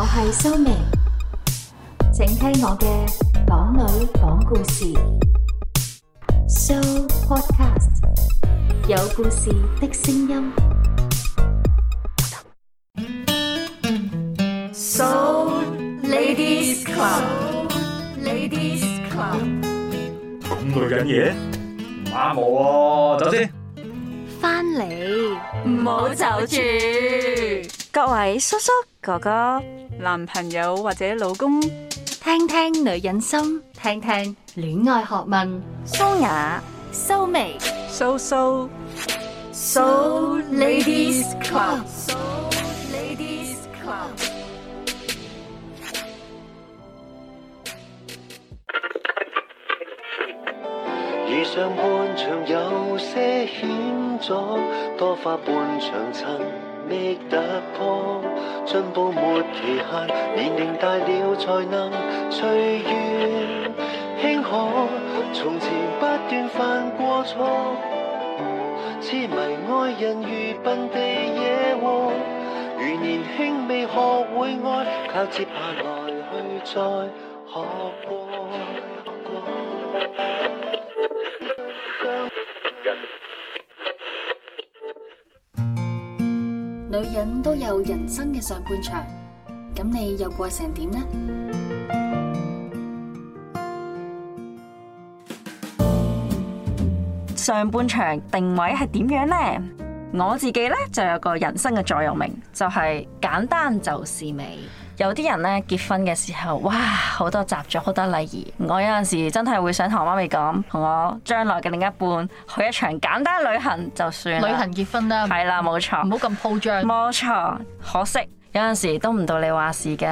我係蘇明，請聽我嘅港女講故事，So Podcast 有故事的聲音，So Ladies Club，So Ladies Club，講女緊嘢，唔啱我喎，走先，翻嚟，唔好走住，各位叔叔。哥哥，男朋友或者老公，聽聽女人心，聽聽戀愛學問，So 雅、So 美、So So So Ladies Club，So Ladies Club。餘上半場有些險阻，多花半場襯。突破，進步沒期限。年齡大了才能隨緣輕可，從前不斷犯過錯，痴迷，嗯，愛人如笨地惹禍。如年輕未學會愛，靠接下來去再學過。都有人生嘅上半場，咁你又過成點呢？上半場定位係點樣呢？我自己呢，就有個人生嘅座右銘，就係簡單就是美。有啲人咧結婚嘅時候，哇，好多習俗，好多禮儀。我有陣時真係會想同媽咪講，同我將來嘅另一半去一場簡單旅行就算旅行結婚啦，係啦，冇錯，唔好咁鋪張。冇錯，可惜有陣時都唔到你話事噶。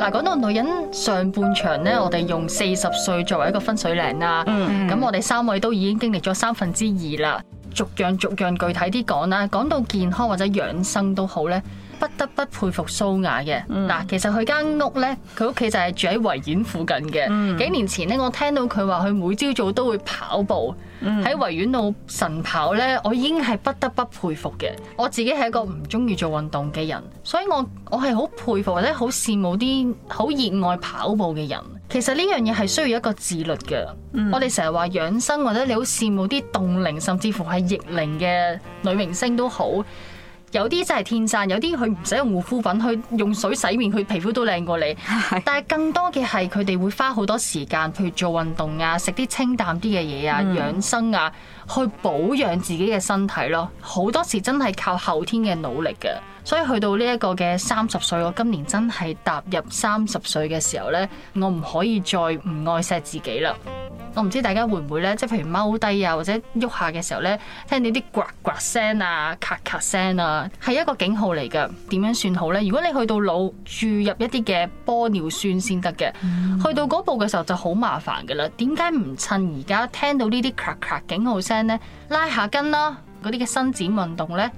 嗱，講到女人上半場呢，我哋用四十歲作為一個分水嶺啦。嗯嗯。咁我哋三位都已經經歷咗三分之二啦。逐樣逐樣具體啲講啦，講到健康或者養生都好呢。不得不佩服蘇雅嘅嗱，嗯、其實佢間屋咧，佢屋企就係住喺維園附近嘅。嗯、幾年前咧，我聽到佢話佢每朝早都會跑步喺維、嗯、園度晨跑咧，我已經係不得不佩服嘅。我自己係一個唔中意做運動嘅人，所以我我係好佩服或者好羨慕啲好熱愛跑步嘅人。其實呢樣嘢係需要一個自律嘅。嗯、我哋成日話養生，或者你好羨慕啲凍齡甚至乎係逆齡嘅女明星都好。有啲真係天生，有啲佢唔使用護膚品，去用水洗面，佢皮膚都靚過你。是的 但係更多嘅係，佢哋會花好多時間，譬如做運動啊，食啲清淡啲嘅嘢啊，養生啊，去保養自己嘅身體咯。好多時真係靠後天嘅努力嘅。所以去到呢一個嘅三十歲，我今年真係踏入三十歲嘅時候呢，我唔可以再唔愛錫自己啦。我唔知大家會唔會呢？即係譬如踎低啊，或者喐下嘅時候呢，聽到啲刮刮聲啊、咔咔聲啊，係一個警號嚟㗎。點樣算好呢？如果你去到老，注入一啲嘅玻尿酸先得嘅，去到嗰步嘅時候就好麻煩㗎啦。點解唔趁而家聽到呢啲咔咔警號聲呢？拉下筋啦，嗰啲嘅伸展運動呢，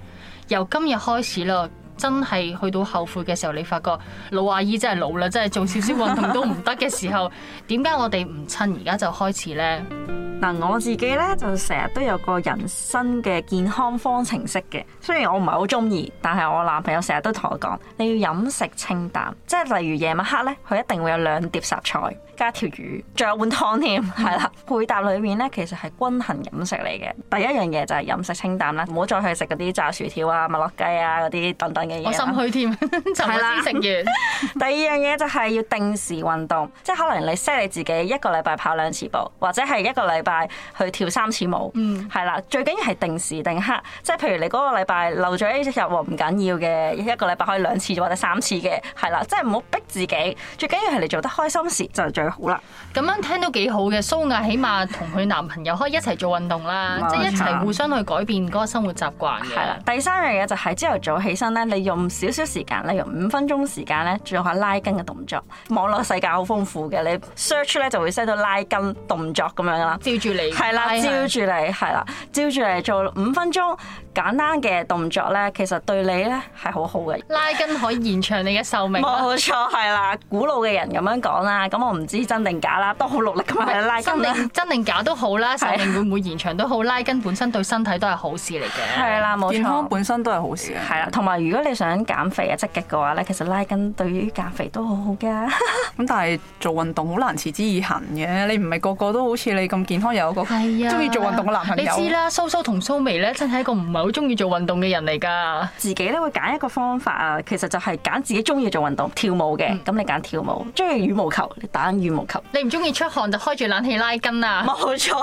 由今日開始咯。真係去到後悔嘅時候，你發覺老阿姨真係老啦，真係做少少運動都唔得嘅時候，點解 我哋唔趁而家就開始呢？嗱我自己咧就成日都有個人生嘅健康方程式嘅，雖然我唔係好中意，但係我男朋友成日都同我講，你要飲食清淡，即係例如夜晚黑咧，佢一定會有兩碟雜菜加條魚，仲有碗湯添，係啦，配搭裏面咧其實係均衡飲食嚟嘅。第一樣嘢就係飲食清淡啦，唔好再去食嗰啲炸薯條啊、麥樂雞啊嗰啲等等嘅嘢。我心虛添，就先食完。了 第二樣嘢就係要定時運動，即係可能你 set 你自己一個禮拜跑兩次步，或者係一個禮拜。去跳三次舞，係啦、嗯，最緊要係定時定刻，即係譬如你嗰個禮拜漏咗一日喎，唔緊要嘅，一個禮拜可以兩次或者三次嘅，係啦，即係唔好逼自己，最緊要係你做得開心時就係最好啦。咁樣聽都幾好嘅，蘇雅、啊、起碼同佢男朋友可以一齊做運動啦，即係、啊、一齊互相去改變嗰個生活習慣。係啦，第三樣嘢就係朝頭早起身咧，你用少少時間，你用五分鐘時間咧，做下拉筋嘅動作。網絡世界好豐富嘅，你 search 咧就會 search 到拉筋動作咁樣啦。係啦，照住你，係啦，照住你做五分鐘。簡單嘅動作咧，其實對你咧係好好嘅。拉筋可以延長你嘅壽命。冇錯，係啦。古老嘅人咁樣講啦，咁我唔知真定假啦，都好努力㗎嘛。拉筋真定假都好啦，壽命會唔會延長都好，拉筋本身對身體都係好事嚟嘅。係啦，冇錯。健康本身都係好事。係啦，同埋如果你想減肥啊積極嘅話咧，其實拉筋對於減肥都好好㗎。咁但係做運動好難持之以恆嘅，你唔係個個都好似你咁健康有個中意做運動嘅男朋友。你知啦，蘇蘇同蘇眉咧真係一個唔～好中意做運動嘅人嚟㗎，自己咧會揀一個方法啊。其實就係揀自己中意做運動，跳舞嘅。咁、嗯、你揀跳舞，中意羽毛球，你打羽毛球。你唔中意出汗，就開住冷氣拉筋啊。冇沒錯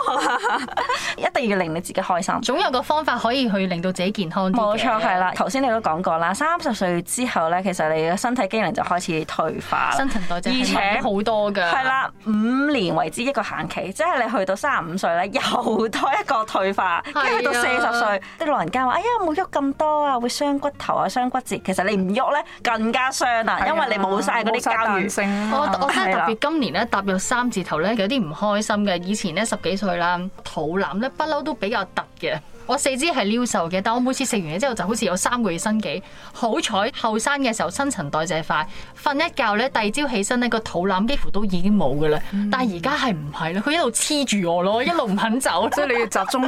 一定要令你自己開心。總有個方法可以去令到自己健康啲。冇錯，係啦。頭先你都講過啦，三十歲之後咧，其實你嘅身體機能就開始退化，新陳代謝慢咗好多㗎。係啦，五年為之一個限期，即係你去到三十五歲咧，又多一個退化，跟住呀去到四十歲啲老人。哎呀，冇喐咁多啊，會傷骨頭啊，傷骨折。其實你唔喐呢，更加傷啊，的因為你冇晒嗰啲膠原性。我我係特別今年咧踏入三字頭呢，有啲唔開心嘅。以前呢，十幾歲啦，肚腩呢，不嬲都比較突嘅。我四肢係撩瘦嘅，但我每次食完嘢之後，就好似有三個月身幾。好彩後生嘅時候新陳代謝快。瞓一覺咧，第二朝起身咧，個肚腩幾乎都已經冇㗎啦。嗯、但係而家係唔係咧？佢一路黐住我咯，一路唔肯走。所 以你要集中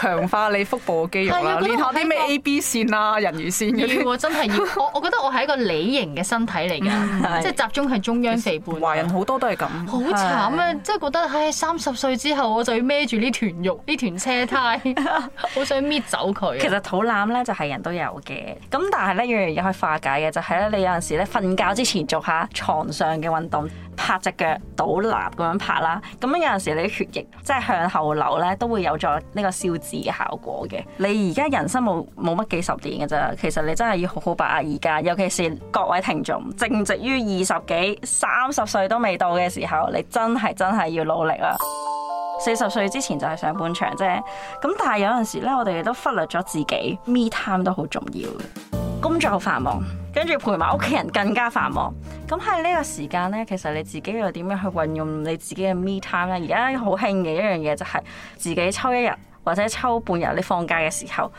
強化你腹部肌肉啦，練下啲咩 A B 線啊、人魚線。要、哦、真係要我，我覺得我係一個梨形嘅身體嚟嘅，即係 集中係中央肥胖。華人好多都係咁。好慘啊！即係是覺得唉，三十歲之後我就要孭住呢團肉、呢團車胎，好 想搣走佢。其實肚腩咧就係、是、人都有嘅，咁但係咧有樣嘢可以化解嘅就係咧，你有陣時咧瞓覺。之前做下床上嘅運動，拍隻腳倒立咁樣拍啦，咁有陣時你血液即係向後流咧，都會有助呢個消脂嘅效果嘅。你而家人生冇冇乜幾十年嘅咋，其實你真係要好好把握而家，尤其是各位聽眾正值於二十幾、三十歲都未到嘅時候，你真係真係要努力啦。四十歲之前就係上半場啫，咁但係有陣時咧，我哋都忽略咗自己，me time 都好重要嘅。工作繁忙，跟住陪埋屋企人更加繁忙。咁喺呢個時間呢，其實你自己又點樣去運用你自己嘅 me time 呢？而家好興嘅一樣嘢就係自己抽一日或者抽半日，你放假嘅時候，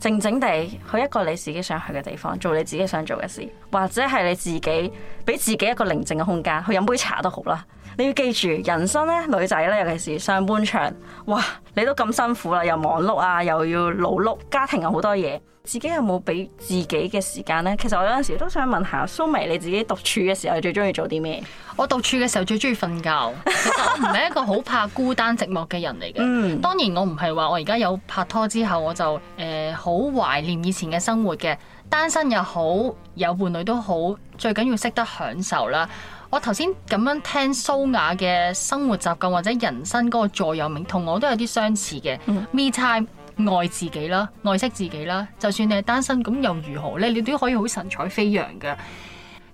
靜靜地去一個你自己想去嘅地方，做你自己想做嘅事，或者係你自己俾自己一個寧靜嘅空間，去飲杯茶都好啦。你要記住，人生咧，女仔咧，尤其是上半場，哇，你都咁辛苦啦，又忙碌啊，又要勞碌，家庭有好多嘢，自己有冇俾自己嘅時間咧？其實我有陣時都想問下蘇眉，你自己獨處嘅時候最中意做啲咩？我獨處嘅時候最中意瞓覺，其實我唔係 一個好怕孤單寂寞嘅人嚟嘅。嗯， 當然我唔係話我而家有拍拖之後我就誒好、呃、懷念以前嘅生活嘅，單身又好，有伴侶都好，最緊要識得享受啦。我頭先咁樣聽蘇雅嘅生活習慣或者人生嗰個座右銘，同我都有啲相似嘅。嗯、Me time，愛自己啦，愛惜自己啦。就算你係單身，咁又如何呢？你都可以好神采飛揚㗎。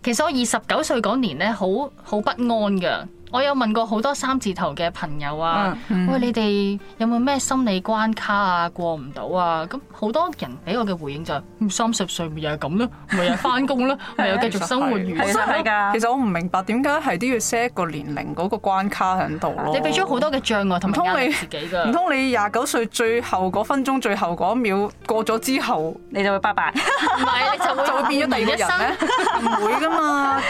其實我二十九歲嗰年呢，好好不安㗎。我有問過好多三字頭嘅朋友啊，喂、嗯，嗯、你哋有冇咩心理關卡啊過唔到啊？咁好多人俾我嘅回應就三、是、十、嗯、歲咪、啊啊、 又係咁咯，咪又翻工咯，咪又繼續生活完。其實我唔明白點解係都要 set 個年齡嗰個關卡喺度咯。你俾咗好多嘅障礙同埋自己㗎，唔通你廿九歲最後嗰分鐘、最後嗰一秒過咗之後， 你就會拜拜？唔 係，你就會變咗第二個人咩？唔 會㗎嘛。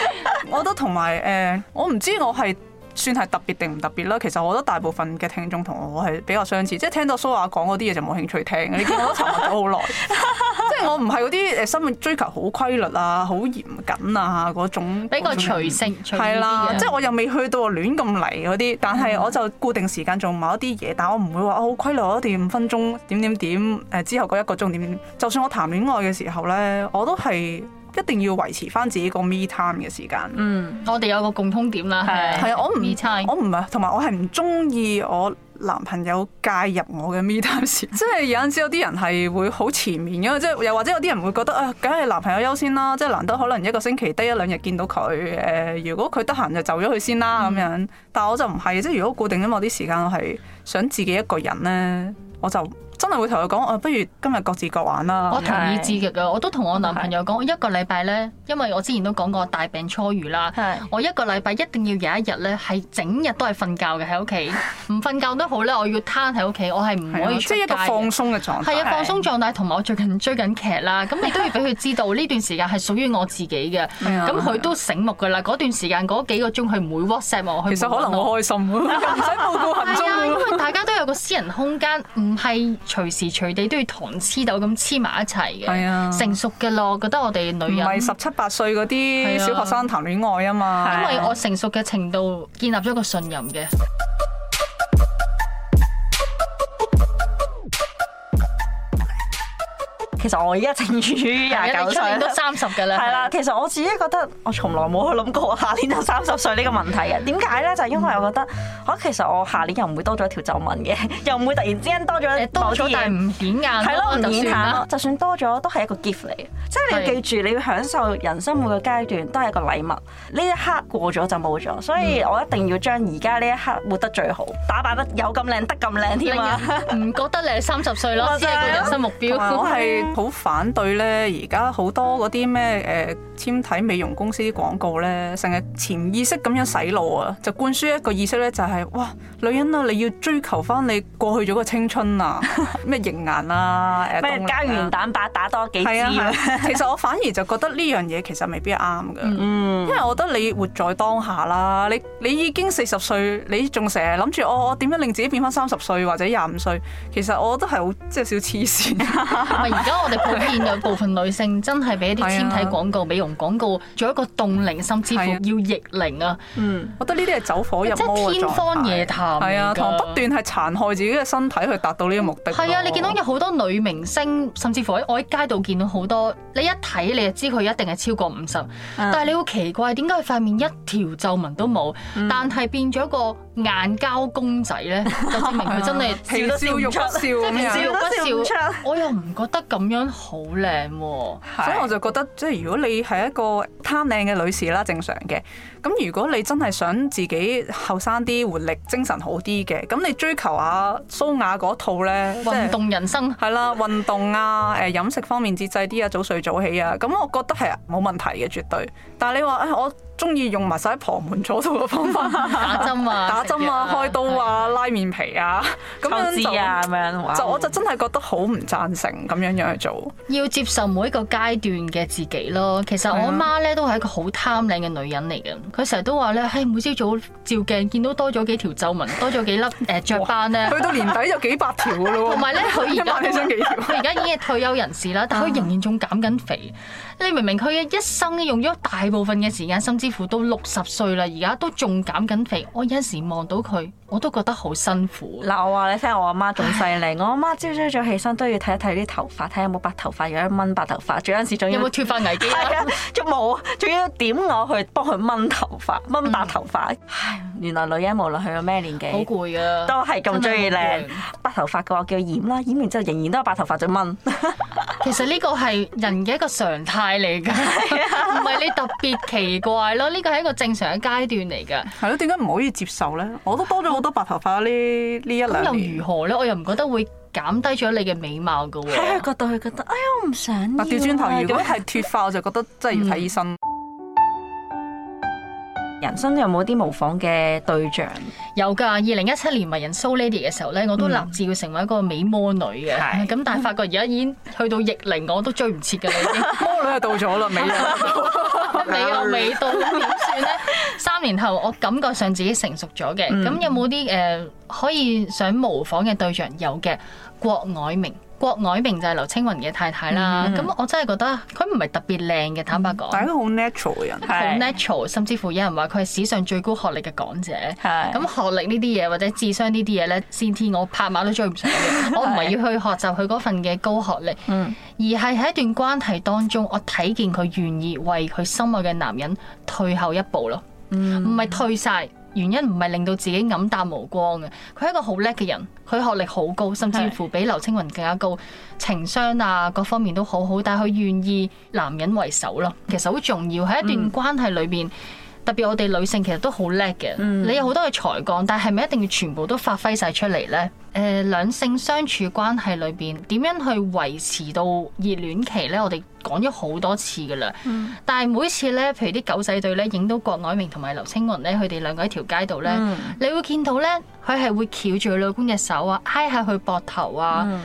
我覺得同埋誒，我唔知我係。算係特別定唔特別啦，其實我覺得大部分嘅聽眾同我係比較相似，即係聽到蘇雅講嗰啲嘢就冇興趣聽嘅。你見到我沉默咗好耐， 即係我唔係嗰啲誒生活追求好規律啊、好嚴謹啊嗰種，比較隨性。係啦，啊、即係我又未去到亂咁嚟嗰啲，但係我就固定時間做某啲嘢，嗯、但係我唔會話我好規律，我定五分鐘點點點誒，之後嗰一個鐘點點，就算我談戀愛嘅時候咧，我都係。一定要維持翻自己個 me time 嘅時間。嗯，我哋有個共通點啦，係係啊，我唔我唔啊，同埋我係唔中意我男朋友介入我嘅 me time 時間。即係 有陣時有啲人係會好纏綿嘅，即係又或者有啲人會覺得啊，梗係男朋友優先啦。即係難得可能一個星期得一兩日見到佢。誒、呃，如果佢得閒就就咗佢先啦咁樣。嗯、但係我就唔係，即係如果固定咗我啲時間，我係想自己一個人咧，我就。真係會同佢講，我不如今日各自各玩啦。我同意至極嘅！我都同我男朋友講，我一個禮拜咧，因為我之前都講過大病初愈啦，我一個禮拜一定要有一日咧係整日都係瞓覺嘅喺屋企，唔瞓覺都好咧，我要攤喺屋企，我係唔可以出街。即係一個放鬆嘅狀態。係啊，放鬆狀態同埋我最近追緊劇啦，咁你都要俾佢知道呢段時間係屬於我自己嘅，咁佢都醒目㗎啦。嗰段時間嗰幾個鐘佢唔會 WhatsApp 我。其實可能我開心啊！唔使報告行蹤。係啊，因為大家都有個私人空間，唔係。隨時隨地都要糖黐豆噉黐埋一齊嘅，成熟嘅咯，覺得我哋女人唔係十七八歲嗰啲小學生談戀愛吖嘛，因為我成熟嘅程度建立咗個信任嘅。其實我而家正處於廿九歲，都三十噶啦。係啦的，的其實我自己覺得我從來冇去諗過我下年就三十歲呢個問題嘅。點解咧？就係、因為我覺得，吓、嗯、其實我下年又唔會多咗一條皺紋嘅，又唔會突然之間多咗，多咗但係唔顯眼，係咯，唔顯眼咯。就算，就算多咗都係一個 gift 嚟嘅，即、就、係、係、你要記住，的你要享受人生每個階段都係一個禮物。呢一刻過咗就冇咗，所以我一定要將而家呢一刻活得最好，打扮得有咁靚得咁靚添啊！唔覺得你係三十歲咯，即係 個人生目標。係。好反對咧，而家好多嗰啲咩誒纖體美容公司啲廣告咧，成日潛意識咁樣洗腦啊，就灌輸一個意識咧、就是，就係哇，女人啊，你要追求翻你過去咗個青春啊，咩熒顏啊，咩、呃啊、膠原蛋白打多幾次、啊啊啊、其實我反而就覺得呢樣嘢其實未必啱噶， 因為我覺得你活在當下啦，你你已經四十歲，你仲成日諗住我我點樣令自己變翻三十歲或者廿五歲，其實我覺得係好即係少黐線。而家。 我哋普遍有部分女性真係俾一啲纖體廣告、啊、美容廣告做一個凍齡，甚至乎要逆齡啊。嗯，我覺得呢啲係走火入魔，即係天方夜譚。係啊，同不斷係殘害自己嘅身體去達到呢個目的。係啊，你見到有好多女明星，甚至乎喺我喺街度見到好多，你一睇你就知佢一定係超過五十、啊，但係你會奇怪點解佢塊面一條皺紋都冇，嗯、但係變咗一個。眼膠公仔咧， 就證明佢真係 笑都笑唔出，即係皮笑都笑唔出。我又唔覺得咁樣好靚喎， 所以我就覺得即係如果你係一個貪靚嘅女士啦，正常嘅。咁如果你真係想自己後生啲、活力、精神好啲嘅，咁你追求下蘇雅嗰套咧， 是運動人生係 啦，運動啊，誒飲食方面節制啲啊，早睡早起啊。咁我覺得係啊，冇問題嘅，絕對。但係你話誒、哎，我中意用埋晒喺旁門左道嘅方法 打針啊！針啊，開刀啊，拉面皮啊，咁樣就我就真係覺得好唔贊成咁樣樣去做。要接受每一個階段嘅自己咯。其實我媽咧都係一個好貪靚嘅女人嚟嘅。佢成日都話咧，喺每朝早照鏡見到多咗幾條皺紋，多咗幾粒誒雀斑咧。去到年底有幾百條嘅咯。同埋咧，佢而家而家已經退休人士啦，但係佢仍然仲減緊肥。你明唔明？佢嘅一生用咗大部分嘅時間，甚至乎到六十歲啦，而家都仲減緊肥。我有陣時望。望到佢，我都覺得好辛苦。嗱，我話你聽，我阿媽仲犀利。 我阿媽朝朝早，上早上起身都要睇一睇啲頭髮，睇有冇白頭髮，有一掹白頭髮。仲有陣時有，仲有冇脫髮危機，啊？仲冇，仲要點我去幫佢掹頭髮，掹白頭髮，嗯。原來女人無論去到咩年紀，好攰啊，都係咁中意靚白頭髮嘅話叫，叫染啦，染完之後仍然都有白頭髮，再掹？ 其實呢個係人嘅一個常態嚟㗎，唔係 你特別奇怪咯。呢個係一個正常嘅階段嚟㗎。係咯，點解唔可以接受咧？我都多咗好多白頭髮呢呢一兩年。咁又如何咧？我又唔覺得會減低咗你嘅美貌㗎喎。喺佢覺得佢覺得，哎呀，我唔想、啊。嗱掉轉頭，如果係脫髮， 我就覺得真係要睇醫生。嗯人生有冇啲模仿嘅對象？有噶，二零一七年迷人 So Lady 嘅時候咧，我都立志要成為一個美魔女嘅。咁是但係發覺而家已經去到逆齡，我都追唔切噶啦。 魔女係到咗啦，美又 未到，點算咧？三年後，我感覺上自己成熟咗嘅。咁、嗯、有冇啲誒可以想模仿嘅對象有？有嘅，郭藹明。郭藹明就係劉青雲嘅太太啦，咁、嗯、我真係覺得佢唔係特別靚嘅，坦白講。但係佢好 natural 嘅人，好 natural，是甚至乎有人話佢係史上最高學歷嘅港姐。係是，咁學歷呢啲嘢或者智商呢啲嘢咧，先天我拍馬都追唔上嘅。是我唔係要去學習佢嗰份嘅高學歷，是而係喺一段關係當中，我睇見佢願意為佢心愛嘅男人退後一步咯，唔係、嗯、退晒。原因唔係令到自己黯淡無光嘅，佢係一個好叻嘅人，佢學歷好高，甚至乎比劉青雲更加高，情商啊各方面都好好，但係佢願意男人為首咯，其實好重要喺一段關係裏面。嗯特別我哋女性其實都好叻嘅，嗯、你有好多嘅才幹，但係咪一定要全部都發揮晒出嚟呢？誒、呃，兩性相處關係裏邊點樣去維持到熱戀期呢？我哋講咗好多次噶啦，嗯、但係每次呢，譬如啲狗仔隊呢，影到郭藹明同埋劉青雲呢，佢哋兩個喺條街度呢，嗯、你會見到呢，佢係會翹住老公嘅手啊，挨下佢膊頭啊。嗯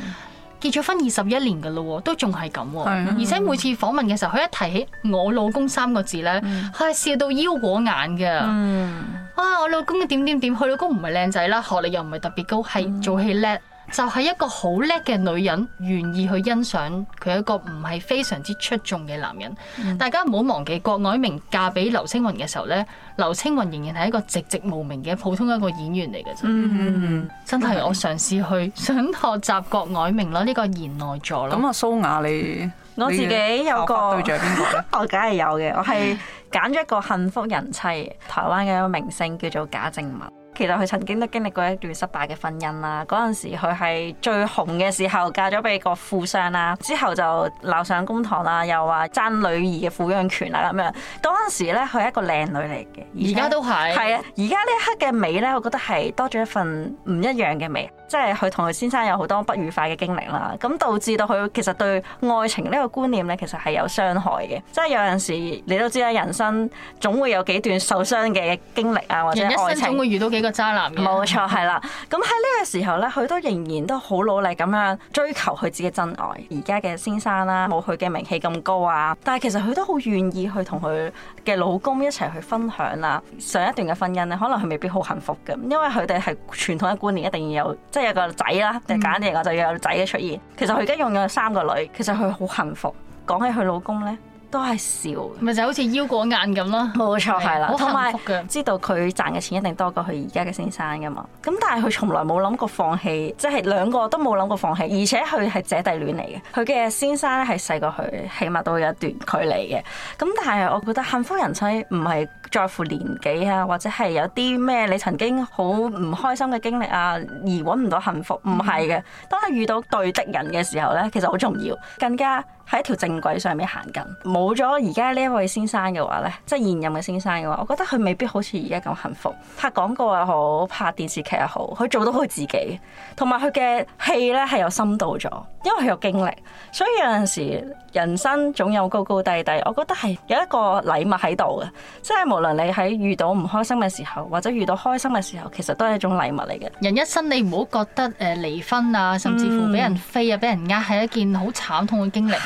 結咗婚二十一年㗎喇喎，都仲係咁喎，啊、而且每次訪問嘅時候，佢一提起我老公三個字咧，佢係笑到腰果眼嘅。嗯、啊，我老公點點點，佢老公唔係靚仔啦，學歷又唔係特別高，係做戲叻。嗯就係一個好叻嘅女人，願意去欣賞佢一個唔係非常之出眾嘅男人。嗯、大家唔好忘記郭藹明嫁俾劉青雲嘅時候呢，劉青雲仍然係一個籍籍無名嘅普通一個演員嚟嘅啫。嗯嗯嗯、真係我嘗試去想學習郭藹明咯，呢個賢內助咯。咁啊，蘇雅你，你，你我自己有個對象邊個？我梗係有嘅，我係揀咗一個幸福人妻，台灣嘅一個明星叫做賈靜雯。其實佢曾經都經歷過一段失敗嘅婚姻啦。嗰陣時佢係最紅嘅時候嫁咗俾個富商啦，之後就鬧上公堂啦，又話爭女兒嘅撫養權啦咁樣。嗰陣時咧，佢係一個靚女嚟嘅，而家都係係啊。而家呢一刻嘅美咧，我覺得係多咗一份唔一樣嘅美，即係佢同佢先生有好多不愉快嘅經歷啦。咁導致到佢其實對愛情呢個觀念咧，其實係有傷害嘅。即係有陣時你都知啦，人生總會有幾段受傷嘅經歷啊，或者愛情，人一生總會遇到幾個。渣男，冇錯，係啦。咁喺呢個時候呢，佢都仍然都好努力咁樣追求佢自己真愛。而家嘅先生啦，冇佢嘅名氣咁高啊，但係其實佢都好願意去同佢嘅老公一齊去分享啦。上一段嘅婚姻呢，可能佢未必好幸福嘅，因為佢哋係傳統嘅觀念，一定要有即係、就是、有個仔啦，定簡單啲嚟講就要有仔嘅出現。嗯、其實佢而家擁有三個女，其實佢好幸福。講起佢老公呢。都係笑，咪就好似腰果眼咁咯。冇錯，係啦，同埋知道佢賺嘅錢一定多過佢而家嘅先生噶嘛，咁但係佢從來冇諗過放棄，即係兩個都冇諗過放棄，而且佢係姐弟戀嚟嘅，佢嘅先生咧係細過佢，起碼都有一段距離嘅，咁但係我覺得幸福人生唔係在乎年紀啊，或者係有啲咩你曾經好唔開心嘅經歷啊而搵唔到幸福，唔係嘅，嗯、當你遇到對的人嘅時候咧，其實好重要，更加。喺一條正軌上面行緊，冇咗而家呢一位先生嘅話呢，即係現任嘅先生嘅話，我覺得佢未必好似而家咁幸福。拍廣告又好，拍電視劇又好，佢做到佢自己，同埋佢嘅戲呢係有深度咗，因為佢有經歷，所以有陣時人生總有高高低低。我覺得係有一個禮物喺度嘅，即係無論你喺遇到唔開心嘅時候，或者遇到開心嘅時候，其實都係一種禮物嚟嘅。人一生你唔好覺得誒離婚啊，甚至乎俾人飛啊，嗯、俾人呃係一件好慘痛嘅經歷。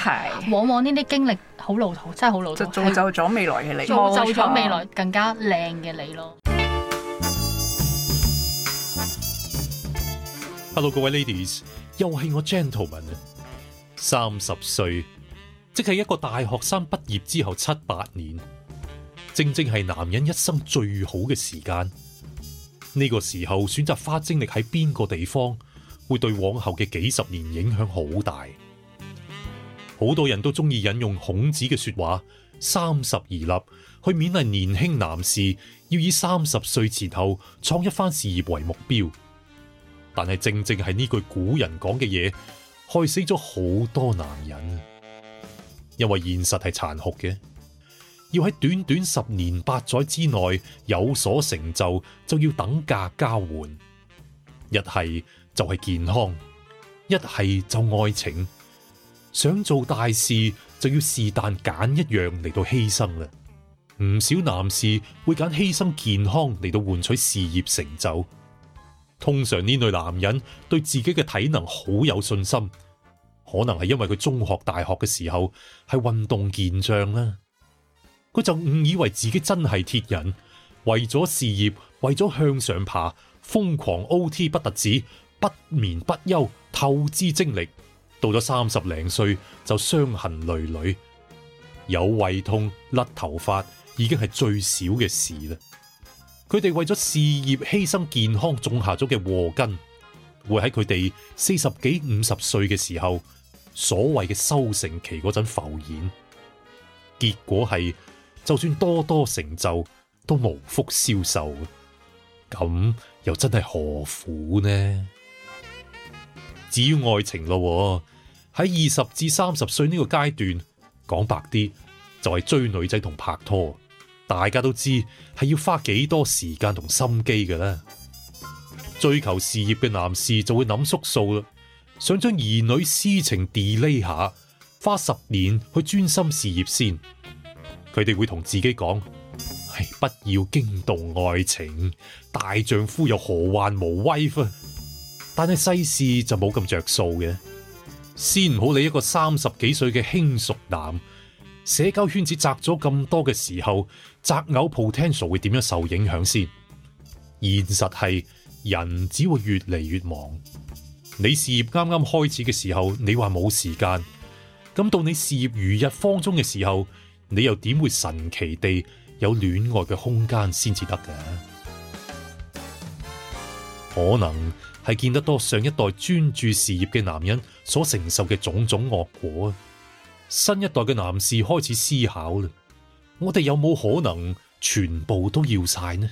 往往呢啲經歷好老土，真係好老土，就造就咗未來嘅你，造就咗未來更加靚嘅你咯。 Hello，各位 ladies，又係我 gentleman 啊！三十歲，即係一個大學生畢業之後七八年，正正係男人一生最好嘅時間。呢個時候選擇花精力喺邊個地方，會對往後嘅幾十年影響好大。好多人都中意引用孔子嘅說話，三十而立，去勉勵年輕男士要以三十歲前後創一番事業為目標。但係正正係呢句古人講嘅嘢，害死咗好多男人，因為現實係殘酷嘅，要喺短短十年八載之內有所成就，就要等價交換，一係就係健康，一係就愛情。想做大事就要是但揀一樣嚟到犧牲啦。唔少男士會揀犧牲健康嚟到換取事業成就。通常呢類男人對自己嘅體能好有信心，可能係因為佢中學、大學嘅時候係運動健將啦。佢就誤以為自己真係鐵人，為咗事業，為咗向上爬，瘋狂 O.T. 不特止，不眠不休，透支精力。到咗三十零歲就傷痕累累，有胃痛、甩頭髮，已經係最少嘅事啦。佢哋為咗事業犧牲健康，種下咗嘅禍根，會喺佢哋四十幾、五十歲嘅時候，所謂嘅收成期嗰陣浮現。結果係，就算多多成就，都無福消受。咁又真係何苦呢？至於愛情咯喎，喺二十至三十歲呢個階段，講白啲就係、是、追女仔同拍拖，大家都知係要花幾多時間同心機嘅啦。追求事業嘅男士就會諗縮數啦，想將兒女私情 delay 下，花十年去專心事業先。佢哋會同自己講：係不要驚動愛情，大丈夫又何患無威、啊？但係世事就冇咁着數嘅，先唔好理一個三十幾歲嘅輕熟男，社交圈子窄咗咁多嘅時候，擇偶 potential 會點樣受影響先？現實係人只會越嚟越忙。你事業啱啱開始嘅時候，你話冇時間，咁到你事業如日方中嘅時候，你又點會神奇地有戀愛嘅空間先至得嘅？可能係見得多上一代專注事業嘅男人所承受嘅種種惡果啊！新一代嘅男士開始思考啦，我哋有冇可能全部都要晒呢？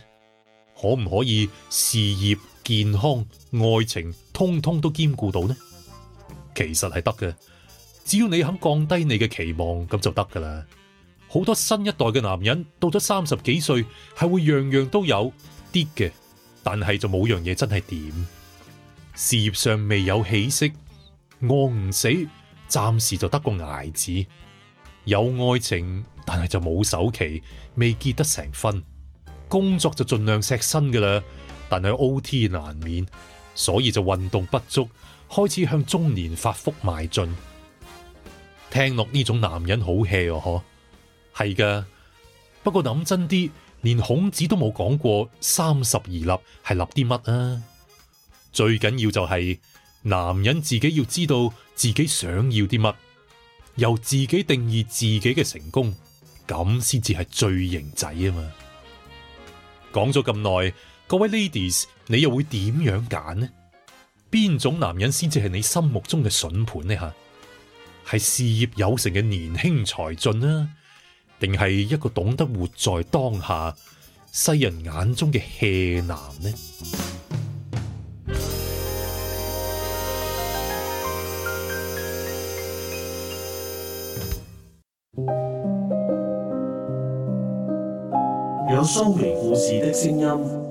可唔可以事業、健康、愛情通通都兼顧到呢？其實係得嘅，只要你肯降低你嘅期望，咁就得噶啦。好多新一代嘅男人到咗三十幾歲，係會樣樣都有啲嘅。但係就冇樣嘢真係掂，事業上未有起色，餓唔死，暫時就得個挨字。有愛情，但係就冇首期，未結得成婚。工作就盡量錫身噶啦，但係 O T 難免，所以就運動不足，開始向中年發福邁進。聽落呢種男人好 hea 喎嗬，係噶。不過諗真啲。連孔子都冇講過三十而立係立啲乜啊！最緊要就係、是、男人自己要知道自己想要啲乜，由自己定義自己嘅成功，咁先至係最型仔啊嘛！講咗咁耐，各位 ladies，你又會點樣揀呢？邊種男人先至係你心目中嘅筍盤呢？吓，係事業有成嘅年輕才俊啦、啊。定係一個懂得活在當下、世人眼中嘅 hea 男呢？有蘇明故事嘅聲音。